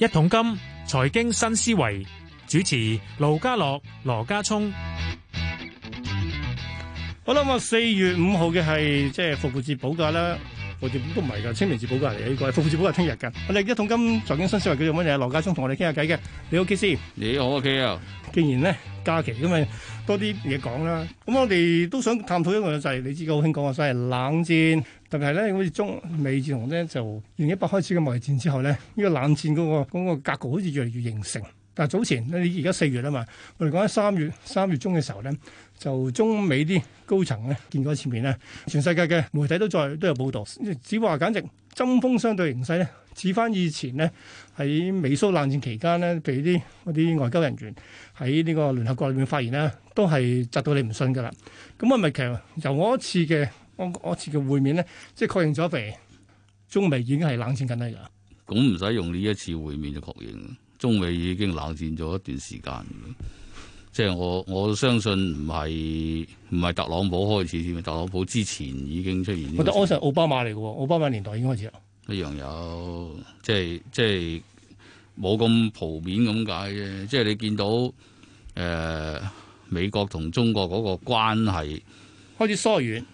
一桶金財經新思維主持盧家樂、羅家聰，好啦，咁啊，四月五號嘅係即係復活節補假啦，復活節都唔係噶，清明節補假嚟嘅呢個，復活節補係聽日噶。我哋一桶金財經新思維叫做乜嘢？羅家聰同我哋傾下偈嘅，你 OK 先？你好，OK 啊？既然咧假期咁啊，多啲嘢講啦。咁我哋都想探討一個就係，你知嘅，好興講話，所謂冷戰。特別係咧，好似中美自從咧就二零一八開始嘅貿易戰之後咧，呢個冷戰嗰個格局好似越嚟越形成。但係早前你而家四月啊嘛，我哋講喺三月三月中嘅時候咧，就中美啲高層咧見過一面咧，全世界嘅媒體都再都有報道，只話簡直針鋒相對形勢咧，指翻以前呢，喺美蘇冷戰期間呢，譬啲啲外交人員喺呢個聯合國裏面發言咧，都係窒到你唔信噶啦。咁啊，其實由我一次嘅。我，我次嘅會面咧，即係確認咗，肥，中美已經係冷戰緊啦。咁唔使用呢一次會面就確認，中美已經冷戰咗一段時間。即係我我相信唔係唔係特朗普開始添，特朗普之前已經出現。我覺得嗰陣奧巴馬嚟嘅，奧巴馬年代已經開始啦。一樣有，即係即係冇咁普遍咁解啫。即係你見到誒、呃、美國同中國嗰個關係開始疏遠。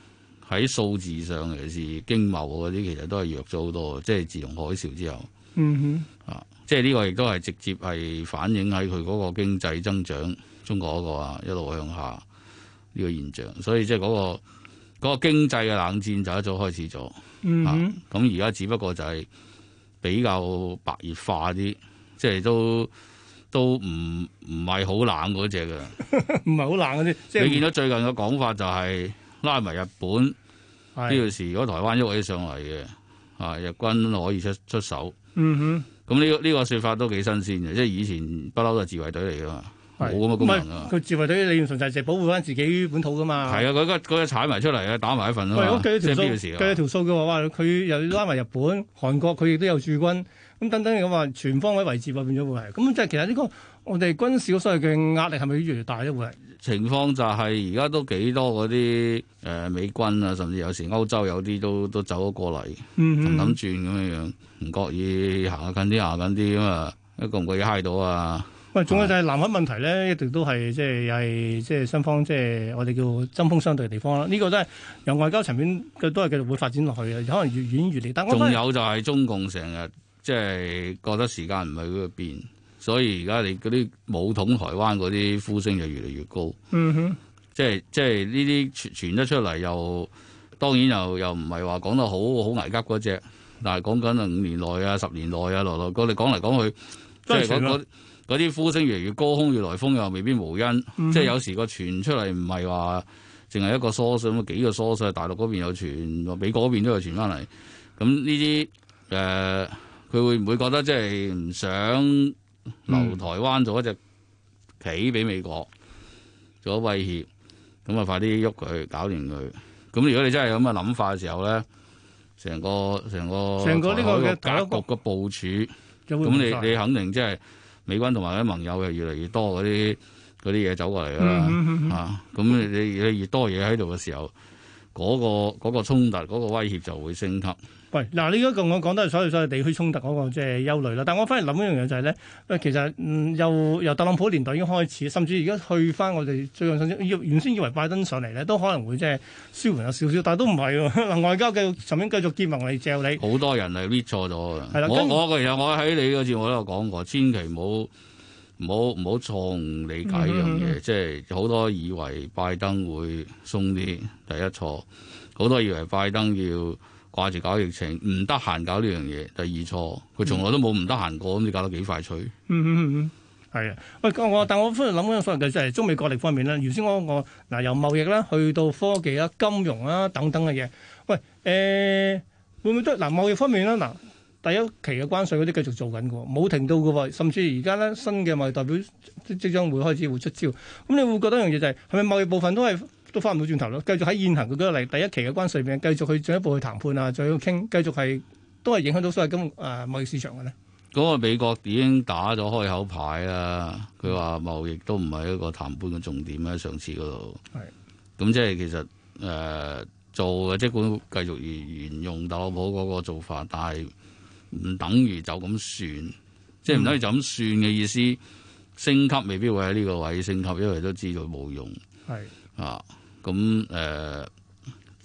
喺數字上，尤其是經貿嗰啲其實都係弱咗好多，即係自從海嘯之後，嗯、哼啊，即係呢個亦都係直接係反映喺佢嗰個經濟增長，中國嗰個啊，一路向下呢個現象。所以即係嗰、嗰個嗰、嗰個經濟嘅冷戰就一早開始咗，嗯、哼啊，咁而家只不過就係比較白熱化啲，即係都都唔唔係好冷嗰隻嘅，唔係好冷嗰啲。就是、你見到最近嘅講法就係、是。拉埋日本呢段事，如果台灣喐起上嚟嘅，啊日軍可以出出手。嗯哼，咁呢個呢個説法都幾新鮮嘅，即係以前不嬲都係自衛隊嚟噶嘛，冇咁嘅功能啊。唔係，佢自衛隊，你純粹係保護翻自己本土噶嘛。係啊，嗰個踩埋出嚟啊，打埋一份咯。計咗條數，計咗條數嘅話，哇！佢又拉埋日本、韓國，佢亦都有駐軍，咁等等咁話全方位維持啊，變咗冇係。咁即係其實呢個。我哋軍事所謂嘅壓力係咪越嚟越大咧？會情況就係而家都幾多嗰啲誒美軍啊，甚至有時歐洲有啲都都走咗過嚟，諗諗、嗯嗯、轉咁樣樣，唔覺意行近啲行近啲咁啊！一個唔覺意嗨到啊！喂，仲有就係南海問題咧，一定都係即係又係即係雙方即係、就是、我哋叫針鋒相對嘅地方啦。呢、這個都、就、係、是、由外交層面，都係繼續會發展落去嘅，可能越遠越嚟。得係仲有就係中共成日即係覺得時間唔係嗰邊。所以而家你嗰啲武統台灣嗰啲呼聲就越嚟越高，嗯、哼即係即係呢啲傳傳得出嚟，又當然又又唔係話講得好好危急嗰隻，但係講緊啊五年內啊十年內啊來來過你講嚟講去，即係嗰啲呼聲越嚟越高，空越來風又未必無因，嗯、哼即係有時個傳出嚟唔係話淨係一個疏水，咁啊幾個疏水，大陸嗰邊有傳，美國嗰邊都有傳翻嚟，咁呢啲誒佢會唔會覺得即係唔想？嗯、留台灣做一隻棋俾美國，做咗威脅，咁啊快啲喐佢，搞掂佢。咁如果你真係有咁嘅諗法嘅時候咧，成個成個成個呢個嘅格局嘅部署，咁、呢個、你你肯定即係美軍同埋啲盟友又越嚟越多嗰啲啲嘢走過嚟啦。嗯嗯嗯嗯啊，咁你你越多嘢喺度嘅時候，嗰、嗰個嗰、嗰個衝突嗰、嗰個威脅就會升級。喂，嗱，呢一個我講都係所謂所謂地區衝突嗰、那個即係、就是、憂慮啦。但係我反而諗一樣嘢就係咧，誒，其實嗯，由由特朗普年代已經開始，甚至而家去翻我哋最近信息，原先以為拜登上嚟咧都可能會即係舒緩咗少少，但係都唔係喎。嗱， 外交繼續，曾經繼續揭密我哋嚼你。好多人係 read 錯咗啊！的我著我其實我喺你個字我都有講過，千祈唔好唔好唔好錯誤理解呢樣嘢，即係好多以為拜登會鬆啲，第一錯；好多以為拜登要掛住搞疫情，唔得閒搞呢樣嘢。第二錯，佢從來都冇唔得閒過，咁你搞得幾快脆，嗯？嗯嗯嗯，係啊。喂，但我但係我忽然諗翻，所謂就係、是、中美國力方面啦。原先我嗱、呃、由貿易啦，去到科技啊、金融啊等等嘅嘢。喂，誒、呃，會唔會都嗱貿、呃、易方面啦。嗱、呃，第一期嘅關稅嗰啲繼續做緊嘅，冇停到嘅喎。甚至而家咧新嘅貿易代表即將會開始會出招。咁你會覺得一樣嘢就係係咪貿易部分都係？都翻唔到轉頭咯，繼續喺現行嘅個嚟，第一期嘅關稅邊繼續去進一步去談判啊，再要傾，繼續係都係影響到所謂今誒、呃、貿易市場嘅咧。嗰個美國已經打咗開口牌啊，佢話貿易都唔係一個談判嘅重點咧，上次嗰度。係是，咁即係其實誒、呃、做嘅，即管繼續沿沿用特朗普嗰個做法，但係唔等於就咁算，即係唔等於就咁算嘅意思。升級未必會喺呢個位升級，因為都知道冇用。係是。啊，咁誒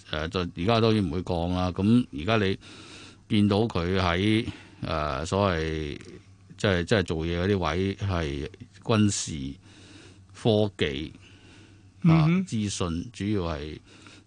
誒，就而家當然唔會降啦。咁而家你見到佢喺誒所謂即係即係做嘢嗰啲位係軍事科技啊、嗯、哼資訊，主要係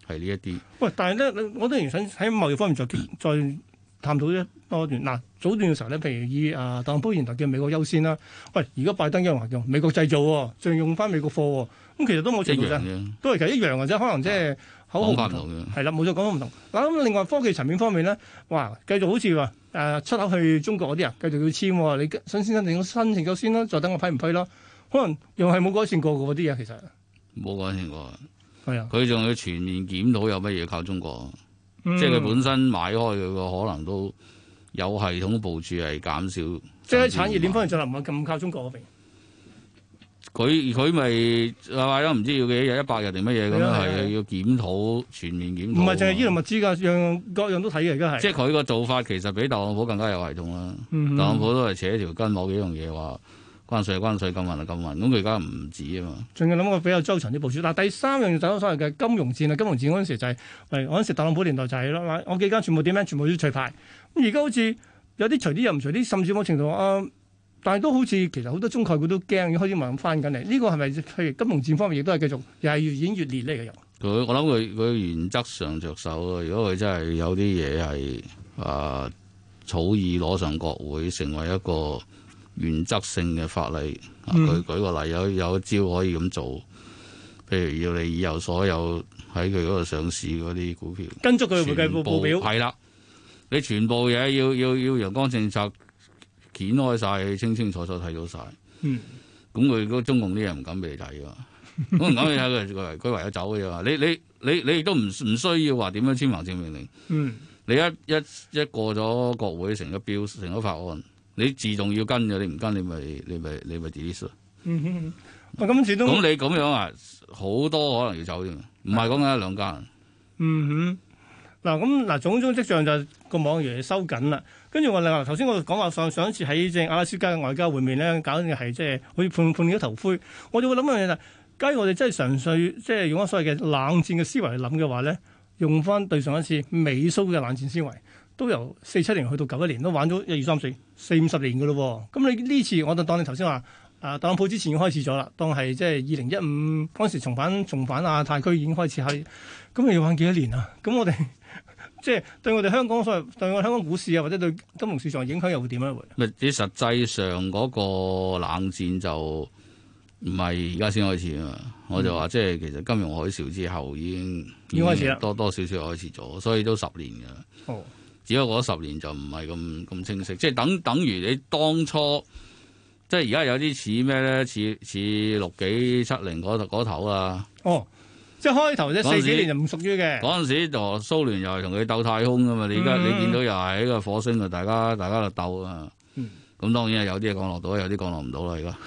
係呢一啲。喂，但係咧，我當然想喺貿易方面再再探討啫。 嗱，早段嘅時候咧，譬如以啊特朗普原來叫美國優先啦。喂，而家拜登一樣用美國製造，哦，仲用翻美國貨，哦，咁其實都冇變嘅，都係其實一樣或者可能即係口號唔同，係啦，嗯，冇錯，講都唔同。嗱，啊、咁另外科技層面方面咧，哇，繼續好似話誒出口去中國嗰啲呀繼續要簽，哦，你新先生你申請夠先啦，再等我批唔批啦。可能又係冇改善過嗰啲嘢，其實冇改善過，係啊的，佢仲要全面檢討有乜嘢靠中國，嗯，即係佢本身買開佢個可能都。有系統部署係減少，即係喺產業鏈方面就唔係咁靠中國嗰邊。佢佢咪話都唔知要幾日一百日定乜嘢咁樣係是的 要檢討全面檢討。唔係淨係醫療物資㗎，樣各樣都睇嘅而家係。即係佢個做法其實比特朗普更加有系統啦。特朗普都係扯條筋冇幾樣嘢，話關稅關稅，禁運禁、啊、運。咁佢而家唔止啊嘛。仲要諗過比較周長啲部署，但第三樣走就所謂嘅金融戰啊！金融戰嗰陣時就係喂，嗰時特朗普年代就係咯，我幾間全部點樣，全部都取牌。而家好似有啲除啲又唔除啲，甚至某程度啊，但係都好似其實好多中概股都驚，開始慢慢翻緊嚟。呢、這個係咪譬如金融戰方面亦都係繼續，又係越演越烈咧？嘅。又佢我諗佢佢原則上着手咯。如果佢真係有啲嘢係啊草擬攞上國會，成為一個原則性嘅法例，佢、嗯、舉個例有有一招可以咁做，譬如要你以後所有喺佢嗰度上市嗰啲股票跟足佢嘅會計報表，係啦部。你全部嘢要要要陽光政策掀開晒，清清楚楚睇到晒。嗯，咁佢如果中共啲人唔敢俾你睇噶，唔敢你睇佢，佢唯有走嘅啫。你你你你亦都唔唔需要話點樣簽行政命令。嗯，你一一一過咗國會成咗表，成咗法案，你自動要跟嘅，你唔跟你咪你咪你咪自己衰。嗯哼、咁、哦、始終咁你咁樣啊，好多可能要走添，唔係講緊一兩間。兩嗯哼。嗯嗱咁嗱，總總跡象就個網源收緊啦。跟住我另外頭先我講話上上一次喺阿拉斯加嘅外交會面咧，搞嘅係即係好判判咗個頭灰。我哋會諗一樣嘢就係，假如我哋真係純粹即係用翻所謂嘅冷戰嘅思維去諗嘅話咧，用翻對上一次美蘇嘅冷戰思維，都由四七年去到九一年，都玩咗一二三四四五十年嘅咯喎。咁你呢次我就當你頭先話啊特朗普之前已經開始咗啦，當係即係二零一五嗰陣時重返重返亞太區已經開始喺，咁、啊、要玩幾多年啊？咁我哋。 即係對我哋香港所謂對我香港股市啊，或者對金融市場影響又會點樣？唔係，你實際上嗰個冷戰就唔係而家先開始啊嘛！嗯、我就話即係其實金融海嘯之後已經要開始喇，多多少少開始咗，所以都十年嘅哦，只不過嗰十年就唔係咁咁清晰，即係等等於你當初即係而家有啲似咩咧？似似六幾七零嗰頭啊！哦。即係開頭時，即係四幾年就唔屬於嘅。嗰陣時就蘇聯又係同佢鬥太空噶嘛，嗯、你而家你見到又係呢個火星啊，大家大家就鬥、嗯、啊。咁當然係有啲嘢，降落到，有啲降落唔到啦。而家，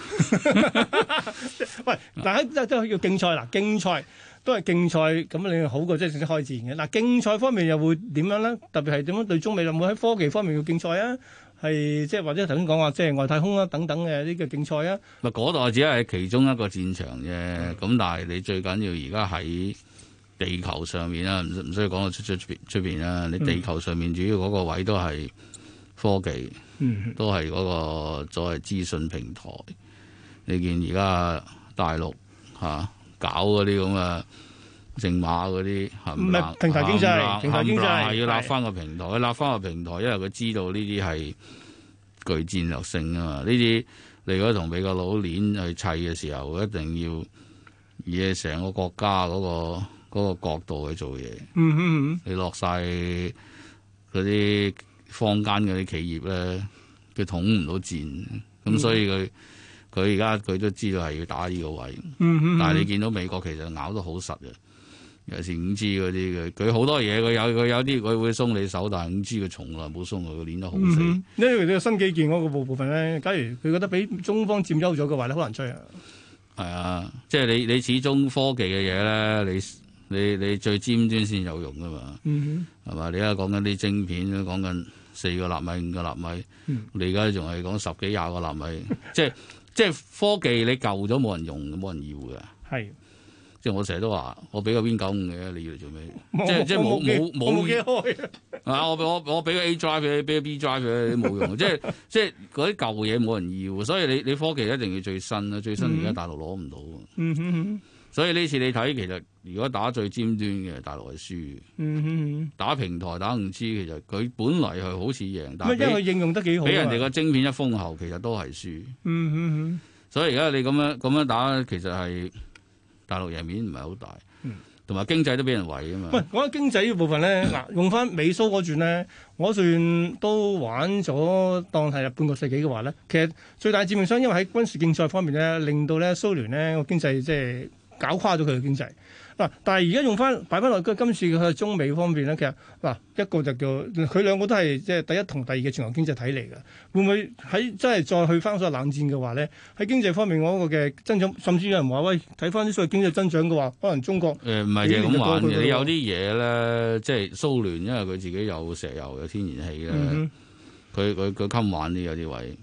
喂，嗱，都都係要競賽啦，競賽都係競賽，咁你好過即係開始開戰嘅。嗱、啊，競賽方面又會點樣咧？特別係點樣對中美，有冇喺科技方面嘅競賽啊？係即係或者頭先講話即係外太空啊等等嘅呢個競賽啊，嗱嗰度只係其中一個戰場啫。咁的但係你最緊要而家喺地球上面啦，唔唔需要講去出出邊出邊啦。你地球上面主要嗰個位都係科技，的都係嗰、那個所謂資訊平台。你見而家大陸吓搞嗰啲咁啊？正馬嗰啲，唔係平台經濟，啊、平台經濟係要立翻個平台，的立翻個平台，因為佢知道呢啲係具戰略性啊嘛！呢啲你如果同美國佬鏈去砌嘅時候，一定要以成個國家嗰、嗰個嗰個角度去做嘢。嗯嗯你落晒嗰啲坊間嗰啲企業咧，佢統唔到戰，咁所以佢佢而家佢都知道係要打呢個位。但係你見到美國其實咬得好實嘅。有時五 G 嗰啲嘅，佢好多嘢，佢有佢有啲佢會鬆你手，但係五 G 佢從來冇鬆佢，佢捻得好死。你你、嗯、新基建嗰個部分咧，假如佢覺得俾中方佔優咗嘅話，你好難追啊。係啊，即係你你始終科技嘅嘢咧，你你你最尖端先有用噶嘛。係嘛、嗯哼？你而家講緊啲晶片咧，講緊四個納米、五個納米，嗯、你而家仲係講十幾廿個納米， 即係即係科技你舊咗冇人用，冇人，人要噶。係。即係我成日都話，我俾個 Win 九五嘅，你要嚟做咩？即係即係冇冇冇嘢開啊！我我我俾個 A Drive 俾，俾 B Drive，冇用。即係即係嗰啲舊嘢冇人要，所以你你科技一定要最新啦，最新而家大陸攞唔到。所以呢次你睇，其實如果打最尖端嘅大陸係輸。打平台打五 G，其實佢本嚟係好似贏，但係因為應用得幾好，俾人哋個晶片一封喉，其實都係輸。所以而家你咁樣咁樣打，其實係。大陸人面唔係好大，同埋經濟都俾人毀啊嘛。唔係講緊經濟呢部分咧，嗱 用翻美蘇嗰轉咧，我算都玩咗當係半個世紀嘅話咧，其實最大致命傷，因為喺軍事競賽方面咧，令到咧蘇聯咧個經濟即係。搞垮咗佢嘅經濟嗱、啊，但係而家用翻擺翻落今次嘅中美方面咧，其實嗱、啊、一個就叫佢兩個都係即係第一同第二嘅全球經濟體嚟嘅，會唔會喺真係再去翻所謂冷戰嘅話咧？喺經濟方面嗰個嘅增長，甚至有人話喂，睇翻啲所謂經濟增長嘅話，可能中國誒唔係咁玩嘅，你有啲嘢咧，即係蘇聯，因為佢自己有石油有天然氣咧，佢佢佢襟玩啲有啲位。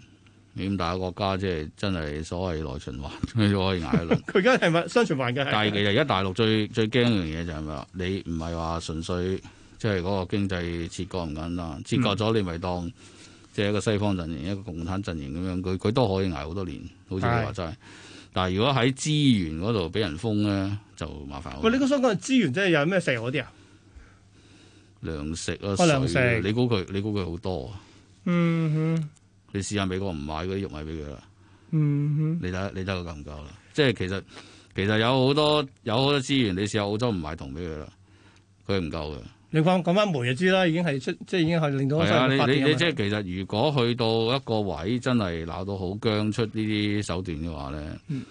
咁大個國家即係真係所謂內循環，佢 都可以挨一輪。佢而家係咪生存環境？但係其實而家大陸最 最驚一樣嘢就係咩？你唔係話純粹即係嗰個經濟切割唔簡單，切割咗你咪當即係一個西方陣營、一個共產陣營咁樣，佢佢都可以挨好多年，好似你話齋。是但係如果喺資源嗰度俾人封咧，就麻煩。喂，你講想講資源即係有咩石油嗰啲啊？糧食啊，水。糧食你估佢，你估佢好多。嗯哼、mm。Hmm. 你試下美國唔買嗰啲玉米俾佢啦，嗯哼，你睇你睇佢夠唔夠啦？即係其實其實有好多有好多資源，你試下澳洲唔買銅俾佢啦，佢唔夠嘅。你講講翻煤就知啦，已經係出即係已經係令到。係啊，你你，你即係其實如果去到一個位，真係鬧到好僵，出呢啲手段嘅話咧。嗯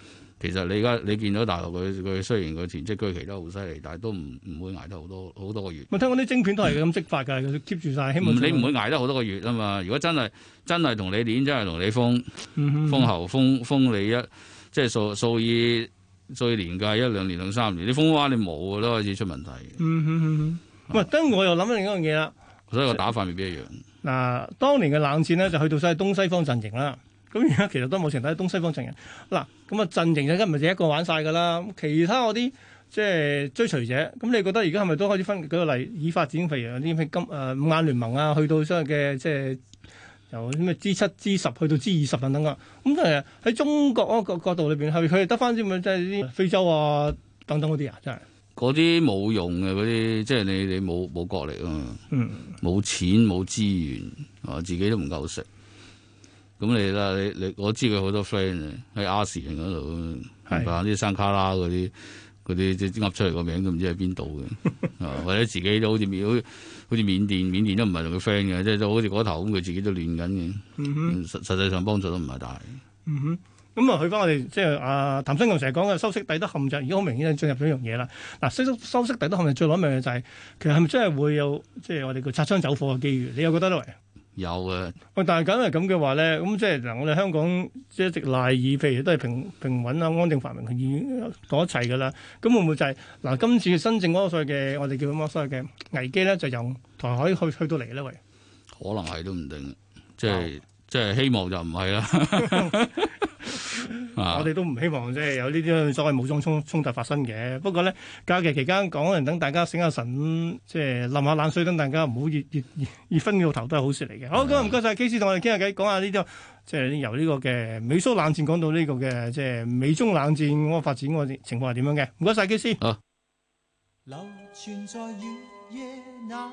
其實你而家你見到大陸佢佢雖然佢囤積居奇都好犀利，但係都唔唔會捱得好多好多個月。我聽講啲晶片都係咁積法噶，keep 住晒，希望你唔會捱得好多個月啊嘛！如果真係真係同你碾，真係同你，你封封喉封封，封你一即係數數以最年計一兩年兩三年，你封翻你冇都開始出問題。喂，等我又諗起另一樣嘢啦，所以，所以個打法未必一樣。嗱，當年嘅冷戰呢，就去到晒東西方陣營啦。咁而家其實都冇剩低東西方陣營嗱，咁啊陣營咧，而家唔一個玩晒噶啦，其他嗰啲即係追隨者，咁你覺得而家係咪都開始分舉個例？以發展譬如啲咩金誒、呃、五眼聯盟啊，去到所謂嘅即係由咩 G 七、G 十去到 G 二十等等啊？咁誒喺中國嗰個角度裏邊，係咪佢哋得返啲咪即係啲非洲啊等等嗰啲啊？真係嗰啲冇用嘅嗰啲，即係你你冇冇國力啊，冇、嗯、錢冇資源啊，自己都唔夠食。咁你啦，你你我知佢好多 friend 啊，喺亞視嗰度，同埋啲山卡拉嗰啲，啲即噏出嚟個名都唔知喺邊度嘅，或者自己都好似緬好似緬甸，緬甸都唔係同佢 friend 嘅，即係都好似嗰頭咁，佢自己都亂緊嘅。實實際上幫助都唔係大嗯。嗯哼，咁、就是、啊，去翻我哋即係阿譚新強成日講嘅修昔底德陷阱，而家好明顯進入咗一樣嘢啦。嗱，修昔底德修昔底德陷阱，最諗明嘅就係、是、其實係咪真係會有即係我哋叫擦槍走火嘅機遇？你又覺得咧？有嘅，喂，但係梗係咁嘅話咧，咁即係嗱，我哋香港即係一直賴以譬如都係平平穩啦，安定繁榮，佢已經講一齊噶啦。咁會唔會就係、是，嗱，今次新政嗰個所謂嘅，我哋叫乜嘢乜嘢嘅危機咧，就由台海去去到嚟咧？喂，可能係都唔定，即係、哦，即係希望就唔係啦。 啊、我哋都唔希望即係、就是、有呢啲所謂武裝衝突發生嘅。不過呢，假期期間，講完等大家醒下神，即、就、係、是、淋下冷水，等大家唔好熱熱熱熱分個頭都係好事嚟嘅。好，咁唔該晒基斯同我哋傾下偈，講下呢啲即係由呢個嘅美蘇冷戰講到呢個嘅即係美中冷戰個發展情況係點樣嘅。唔該晒基斯。啊啊